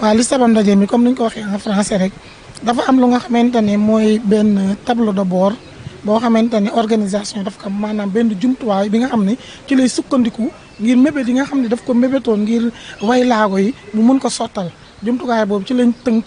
waa li sabab ndaje mi comme ni ko waxee en français rek dafa am lu nga xamante ne mooy benn tableau de bord boo xamante ni organisation daf ko maanaam benn jumtuwaay bi nga xam ne ci lay sukkandiku ngir mébét yi nga xam ne daf ko mébétoon ngir way laago yi mu mun ko sottal jumtuwaay boobu ci lañ tënk.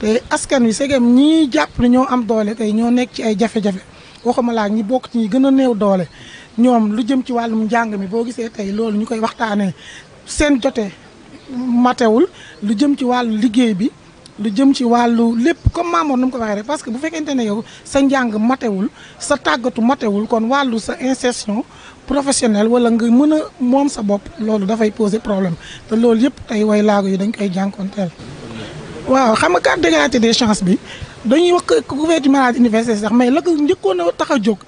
te askan wi segem ñii jàpp ne ñoo am doole tey ñoo nekk ci ay jafe-jafe waxuma laa ñi bokk ci ñi gën a néew doole ñoom lu jëm ci wàllum njàng mi boo gisee tey loolu ñu koy waxtaanee seen jote matewul lu jëm ci wàllu liggéey bi lu jëm ci wàllu lépp comme maamoon nu mu ko waxee rek parce que bu fekkente ne yow sa njàng matewul sa tàggatu matewul kon wàllu sa insertion professionnelle wala nga mën a moom sa bopp loolu dafay poser problème te loolu yëpp tey way laago yi dañ koy jànkonteel waaw xam nga carte d'identité des chances bi dañuy wax du maladie universelle sax mais la ko njëkkoon a tax a jóg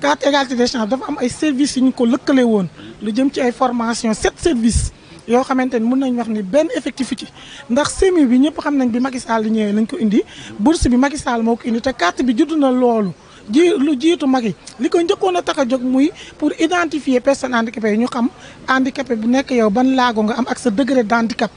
carte égalité des chances dafa am ay services yu ñu ko lëkkale woon lu jëm ci ay formation sept services yoo xamante ni mun nañ wax ni benn effectif ci ndax semi bi ñëpp xam nañ bi Macky Sall ñëwee lañ ko indi bourse bi Macky Sall moo ko indi te carte bi judd na loolu ji lu jiitu mag yi li ko njëkkoon a tax a jóg muy pour identifier personne handicapé ñu xam handicapé bu nekk yow ban laago nga am ak sa degré d' handicap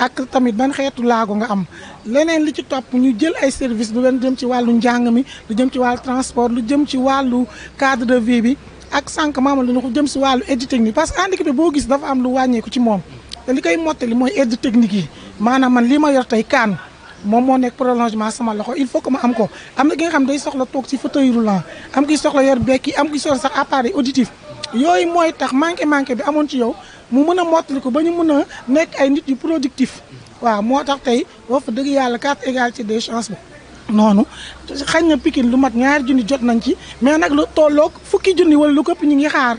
ak tamit ban xeetu laago nga am leneen li ci topp ñu jël ay service lu jëm ci wàllu njàng mi lu jëm ci wàllu transport lu jëm ci wàllu cadre de vie bi ak sànq maama lu ko jëm si wàllu aide technique parce que handicapé boo gis dafa am lu wàññeeku ci moom te li koy mottali mooy aide technique yi maanaam man lii ma yor tey kaan moom moo nekk prolongement sama loxo il faut que ma am ko am na ki nga xam day soxla toog ci fauteuil roulant am ki soxla yor bekki am ki soxla sax appareil auditif yooyu mooy tax manqué manqué bi amoon ci yow mu mën a mottali ko ba ñu mën a nekk ay nit yu productif waaw moo tax tey wax fa dëgg yàlla carte égalité des chances ba noonu xañ na Pikine lu mat ñaari junni jot nañ ci mais nag lu tolloog fukki junni wala lu këpp ñi ngi xaar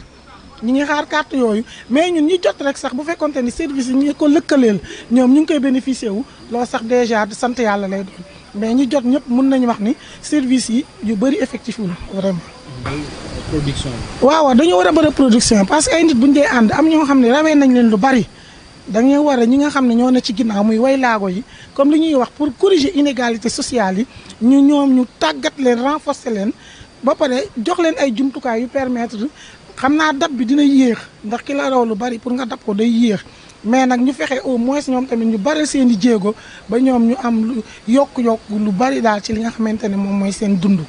ñi ngi xaar carte yooyu mais ñun ñi jot rek sax bu fekkonte ni service yi ñu ko lëkkaleel ñoom ñu ngi koy bénéficier wu loolu sax déjà sant yàlla lay doon mais ñi jot ñëpp mun nañu wax ni service yi yu bëri effectif wu vraiment production waaw waaw dañoo war a bëri production parce que ay nit bu ñu dee ànd am ñoo xam ne rawee nañ leen lu bari dañuy war a ñi nga xam ne ñoo ne ci ginnaaw muy way laago yi comme li ñuy wax pour corriger inégalité sociale yi ñu ñoom ñu tàggat leen renforcer leen ba pare jox leen ay jumtukaay yu permettre xam naa dab bi dina yéex ndax ki la raw lu bari pour nga dab ko day yéex mais nag ñu fexe au moins ñoom tamit ñu bari seen i jéego ba ñoom ñu am lu yokk-yokk lu bari daal ci li nga xamante ne moom mooy seen dund